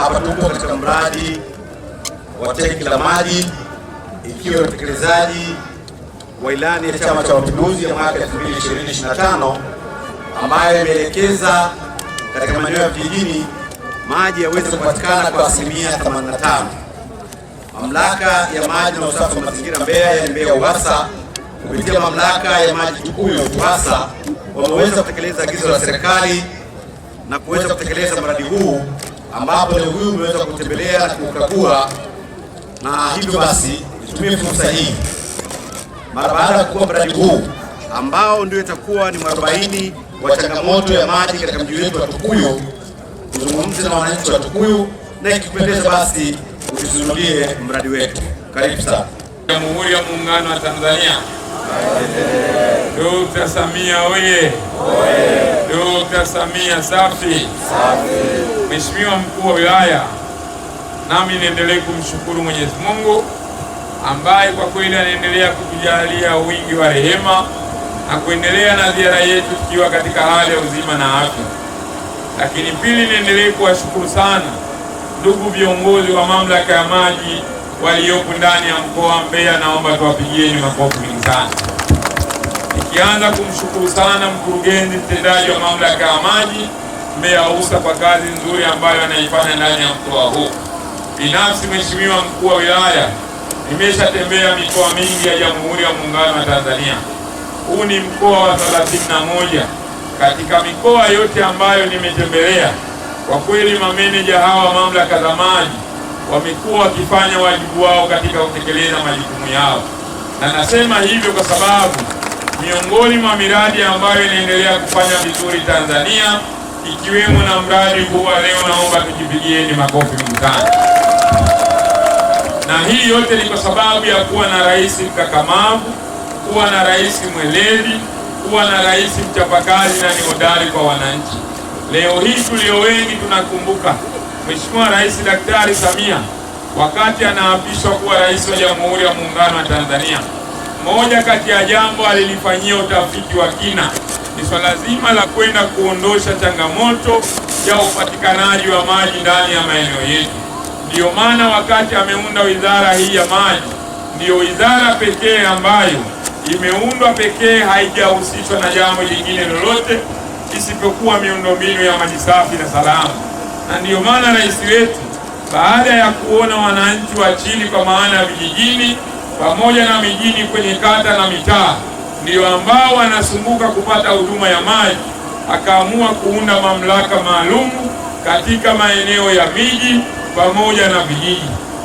Hapa tuko katika mradi wa tenki la maji, ikiwa utekelezaji wa ilani ya Chama cha Mapinduzi ya mwaka 2025 ambayo imeelekeza katika maeneo ya vijijini maji yaweze kupatikana kwa asilimia 85. Mamlaka ya maji na usafi wa mazingira Mbeya, yani Mbeya UWASA, kupitia mamlaka ya maji ya UWASA wameweza kutekeleza agizo la serikali na kuweza kutekeleza mradi huu ambapo leo huyu umeweza kutembelea na kukagua, na hivyo basi nitumie fursa hii mara baada ya kuwa mradi huu ambao ndio itakuwa ni mwarobaini wa changamoto ya maji katika mji wetu wa Tukuyu kuzungumza na wananchi wa Tukuyu, na ikipendeza basi utuzindulie mradi wetu. Karibu sana. Jamhuri ya Muungano wa Tanzania. Dkt. Samia oye! Dkt. Samia safi, safi. Mheshimiwa mkuu wa wilaya, nami niendelee kumshukuru Mwenyezi Mungu ambaye kwa kweli anaendelea kutujalia wingi wa rehema na kuendelea na ziara yetu tukiwa katika hali ya uzima na afya. Lakini pili, niendelee kuwashukuru sana ndugu viongozi wa mamlaka ya maji waliopo ndani ya mkoa wa Mbeya, naomba tuwapigieni makofi mengi sana, nikianza kumshukuru sana mkurugenzi mtendaji wa mamlaka ya maji Meya Usa kwa kazi nzuri ambayo anaifanya ndani ya mkoa huu. Binafsi Mheshimiwa mkuu wa wilaya, nimeshatembea mikoa mingi ya Jamhuri ya Muungano wa Tanzania. Huu ni mkoa wa 31 katika mikoa yote ambayo nimetembelea, kwa kweli mameneja hawa mamlaka za maji wamekuwa wakifanya wajibu wao katika kutekeleza majukumu yao, na nasema hivyo kwa sababu miongoni mwa miradi ambayo inaendelea kufanya vizuri Tanzania ikiwemo na mradi huwa leo, naomba tujipigieni makofi mtani. Na hii yote ni kwa sababu ya kuwa na rais mkakamavu, kuwa na rais mweledi, kuwa na rais mchapakazi na ni hodari kwa wananchi. Leo hii tulio wengi tunakumbuka Mheshimiwa Rais Daktari Samia wakati anaapishwa kuwa rais wa Jamhuri ya Muungano wa Tanzania, moja kati ya jambo alilifanyia utafiti wa kina ni swala zima la kwenda kuondosha changamoto ya upatikanaji wa maji ndani ya maeneo yetu. Ndiyo maana wakati ameunda wizara hii ya maji, ndiyo wizara pekee ambayo imeundwa pekee, haijahusishwa na jambo lingine lolote isipokuwa miundombinu ya maji safi na salama. Na ndiyo maana rais wetu baada ya kuona wananchi wa chini, kwa maana ya vijijini pamoja na mijini, kwenye kata na mitaa ndio ambao wanasumbuka kupata huduma ya maji, akaamua kuunda mamlaka maalum katika maeneo ya miji pamoja na vijiji,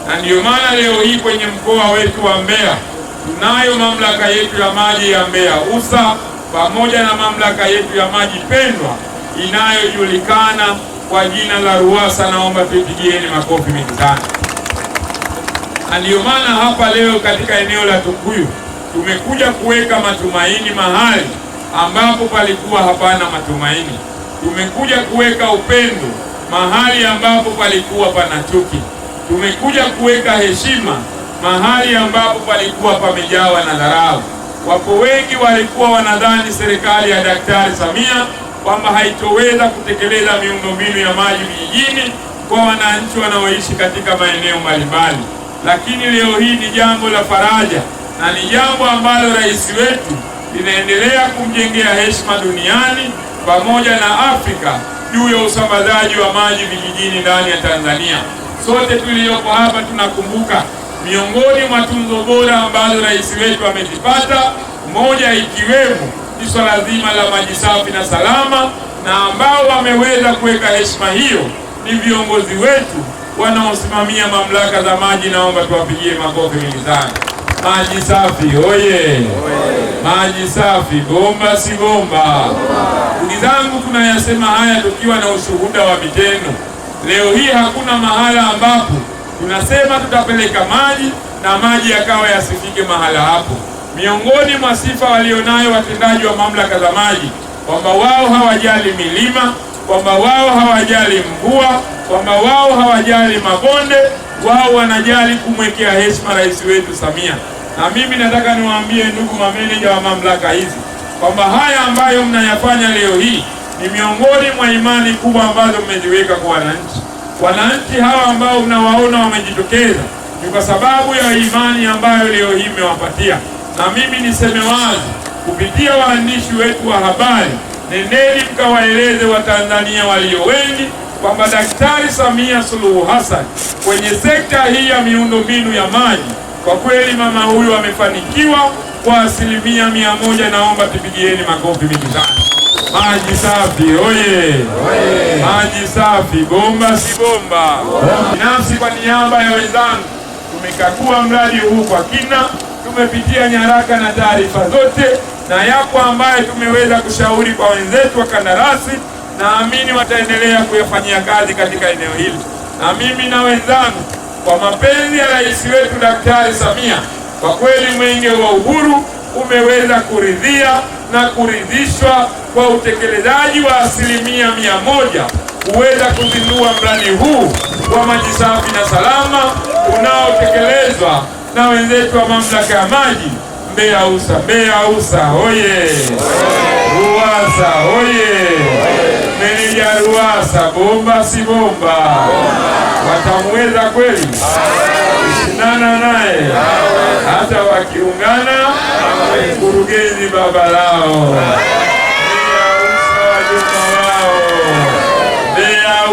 na ndiyo maana leo hii kwenye mkoa wetu wa Mbeya tunayo mamlaka yetu ya maji ya Mbeya Usa pamoja na mamlaka yetu ya maji pendwa inayojulikana kwa jina la Ruwasa. Naomba tuipigieni makofi mengi sana, na ndiyo maana hapa leo katika eneo la Tukuyu tumekuja kuweka matumaini mahali ambapo palikuwa hapana matumaini. Tumekuja kuweka upendo mahali ambapo palikuwa pana chuki. Tumekuja kuweka heshima mahali ambapo palikuwa pamejawa na dharau. Wapo wengi walikuwa wanadhani serikali ya Daktari Samia kwamba haitoweza kutekeleza miundombinu ya maji vijijini kwa wananchi wanaoishi katika maeneo mbalimbali, lakini leo hii ni jambo la faraja na ni jambo ambalo rais wetu linaendelea kumjengea heshima duniani pamoja na Afrika juu ya usambazaji wa maji vijijini ndani ya Tanzania. Sote tuliyoko hapa tunakumbuka miongoni mwa tunzo bora ambazo rais wetu amezipata, moja ikiwemo ni swala zima la maji safi na salama, na ambao wameweza kuweka heshima hiyo ni viongozi wetu wanaosimamia mamlaka za maji. Naomba tuwapigie makofi mingi sana maji safi oye! Maji safi bomba, si bomba? Ndugu zangu, tunayasema haya tukiwa na ushuhuda wa vitendo. Leo hii hakuna mahala ambapo tunasema tutapeleka maji na maji yakawa yasifike mahala hapo. Miongoni mwa sifa walionayo watendaji wa mamlaka za maji kwamba wao hawajali milima, kwamba wao hawajali mvua, kwamba wao hawajali mabonde wao wanajali kumwekea heshima rais wetu Samia. Na mimi nataka niwaambie ndugu mameneja wa mamlaka hizi kwamba haya ambayo mnayafanya leo hii ni miongoni mwa imani kubwa ambazo mmeziweka kwa wananchi. Wananchi hawa ambao mnawaona wamejitokeza ni kwa sababu ya imani ambayo leo hii mmewapatia. Na mimi niseme wazi kupitia waandishi wetu wa habari, nendeni mkawaeleze Watanzania walio wengi kwamba Daktari Samia Suluhu Hassan kwenye sekta hii ya miundombinu ya maji, kwa kweli mama huyu amefanikiwa kwa asilimia mia moja. Naomba tupigieni makofi mingi sana. Maji safi oye! Maji safi bomba, si bomba. Binafsi kwa niaba ya wenzangu tumekagua mradi huu kwa kina, tumepitia nyaraka na taarifa zote, na yako ambaye tumeweza kushauri kwa wenzetu wa kandarasi naamini wataendelea kuyafanyia kazi katika eneo hili, na mimi na wenzangu, kwa mapenzi ya rais wetu Daktari Samia, kwa kweli mwenge wa uhuru umeweza kuridhia na kuridhishwa kwa utekelezaji wa asilimia mia moja kuweza kuzindua mradi huu wa maji safi na salama unaotekelezwa na wenzetu wa mamlaka ya maji Mbeya Usa. Mbeya Usa oye! Uwasa Ruasa bomba si bomba, watamweza kweli? Kushindana naye hata wakiungana, mkurugenzi baba lao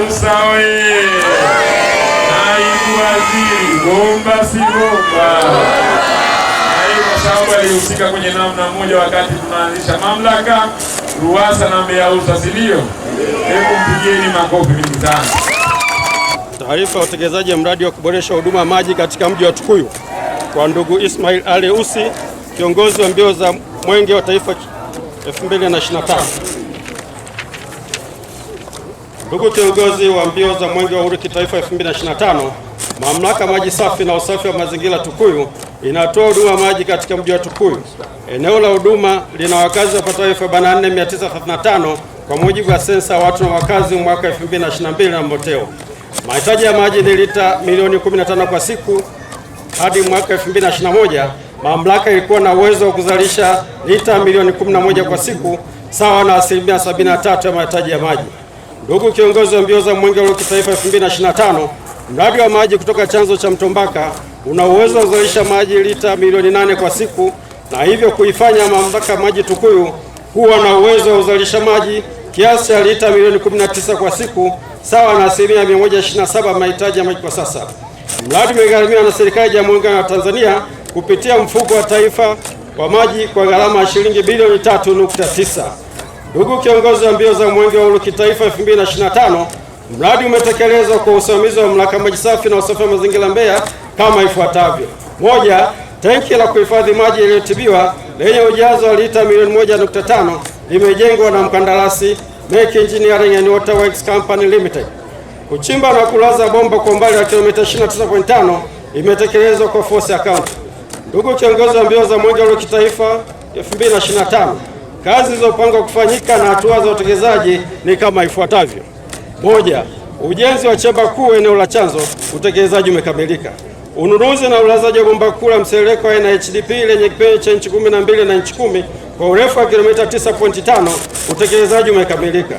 usawe naibu waziri bomba si bomba, kwa sababu alihusika kwenye namna moja wakati tunaanzisha mamlaka Ruasa na Mbeya Usa, si ndio? Hebu mpigieni makofi Taarifa ya utekelezaji wa mradi wa kuboresha huduma ya maji katika mji wa Tukuyu kwa ndugu Ismail Ali Usi, kiongozi wa mbio za mwenge wa taifa 2025. Ndugu kiongozi wa mbio za mwenge wa uhuru kitaifa 2025, mamlaka maji safi na usafi wa mazingira Tukuyu inatoa huduma maji katika mji wa Tukuyu. Eneo la huduma lina wakazi wapatao 4935 kwa mujibu wa sensa ya watu na wakazi mwaka 2022 na Mboteo, mahitaji ya maji ni lita milioni 15 kwa siku. Hadi mwaka 2021 mamlaka ilikuwa na uwezo wa kuzalisha lita milioni 11 kwa siku, sawa na asilimia 73 ya mahitaji ya maji. Ndugu kiongozi wa mbio za mwenge wa kitaifa 2025, mradi wa maji kutoka chanzo cha Mtombaka una uwezo wa kuzalisha maji lita milioni 8 kwa siku na hivyo kuifanya mamlaka maji Tukuyu kuwa na uwezo wa uzalisha maji kiasi cha lita milioni 19 kwa siku sawa na asilimia 127 mahitaji ya maji kwa sasa. Mradi umegharimiwa na serikali ya Muungano wa Tanzania kupitia mfuko wa taifa wa maji kwa gharama ya shilingi bilioni 3.9. Ndugu kiongozi wa mbio za Mwenge wa Uhuru kitaifa 2025, mradi umetekelezwa kwa usimamizi wa Mamlaka maji safi na usafi wa mazingira Mbeya kama ifuatavyo: moja, tenki la kuhifadhi maji yaliyotibiwa lenye ujazo wa lita milioni 1.5 limejengwa na mkandarasi Make Engineering and Waterworks Company Limited. Kuchimba na kulaza bomba kwa umbali wa kilomita 29.5 imetekelezwa kwa force account. Ndugu kiongozi wa mbio za mwenge wa kitaifa 2025, kazi zilizopangwa kufanyika na hatua za utekelezaji ni kama ifuatavyo: moja, ujenzi wa chemba kuu eneo la chanzo, utekelezaji umekamilika. Ununuzi na ulazaji wa bomba kuu la msereko aina HDP lenye kipenyo cha inchi 12 na inchi 10 kwa urefu wa kilomita 9.5, utekelezaji umekamilika.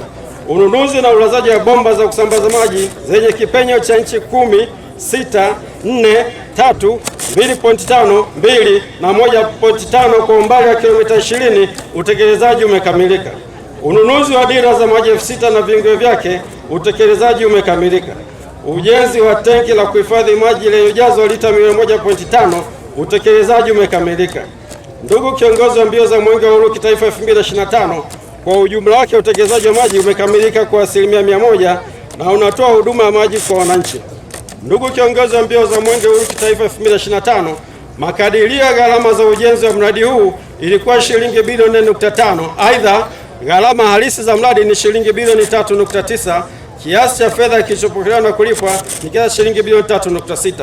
Ununuzi na ulazaji wa bomba za kusambaza maji zenye kipenyo cha inchi 10, 6, na 1.5 kwa umbali wa kilomita 20, utekelezaji umekamilika. Ununuzi wa dira za maji elfu sita na viungo vyake, utekelezaji umekamilika. Ujenzi wa tenki la kuhifadhi maji lenye ujazo wa lita milioni 1.5, utekelezaji umekamilika. Ndugu kiongozi wa mbio za Mwenge wa Uhuru kitaifa 2025, kwa ujumla wake utekelezaji wa maji umekamilika kwa asilimia mia moja na unatoa huduma ya maji kwa wananchi. Ndugu kiongozi wa mbio za Mwenge wa Uhuru kitaifa 2025, makadirio ya gharama za ujenzi wa mradi huu ilikuwa shilingi bilioni 4.5. Aidha, gharama halisi za mradi ni shilingi bilioni 3.9. Kiasi cha fedha kilichopokelewa na kulipwa ni kiasi shilingi bilioni 3.6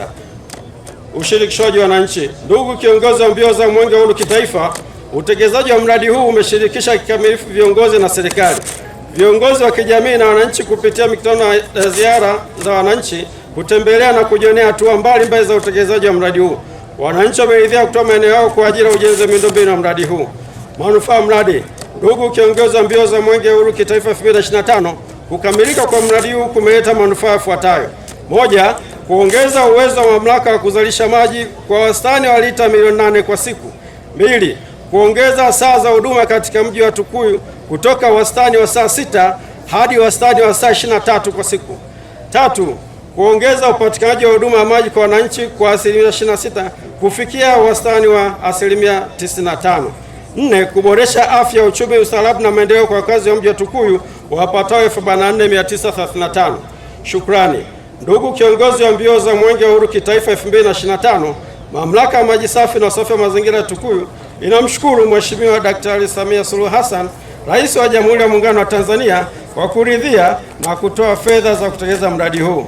ushirikishwaji wa wananchi. Ndugu kiongozi wa mbio za mwenge huu kitaifa, utekelezaji wa mradi huu umeshirikisha kikamilifu viongozi na serikali, viongozi wa kijamii na wananchi kupitia mikutano ya ziara za wananchi kutembelea na kujionea hatua mbalimbali za utekelezaji wa mradi huu. Wananchi wameridhia kutoa maeneo yao kwa ajili ya ujenzi wa miundombinu ya mradi huu. Manufaa ya mradi. Ndugu kiongozi wa mbio za mwenge huru kitaifa 2025, kukamilika kwa mradi huu kumeleta manufaa yafuatayo: moja, kuongeza uwezo wa mamlaka ya kuzalisha maji kwa wastani wa lita milioni nane kwa siku. Mbili, kuongeza saa za huduma katika mji wa Tukuyu kutoka wastani wa saa sita hadi wastani wa saa tatu kwa siku. Tatu, kuongeza upatikanaji wa huduma ya maji kwa wananchi kwa asilimia 26 kufikia wastani wa asilimia 95. Nne, kuboresha afya, uchumi, usalama na maendeleo kwa wakazi wa mji wa Tukuyu wapatao 4935 Shukrani. Ndugu kiongozi wa mbio za Mwenge wa Uhuru kitaifa 2025, Mamlaka ya Maji Safi na Usafi wa Mazingira ya Tukuyu inamshukuru Mheshimiwa Daktari Samia Suluhu Hassan, Rais wa Jamhuri ya Muungano wa Tanzania, kwa kuridhia na kutoa fedha za kutekeleza mradi huu.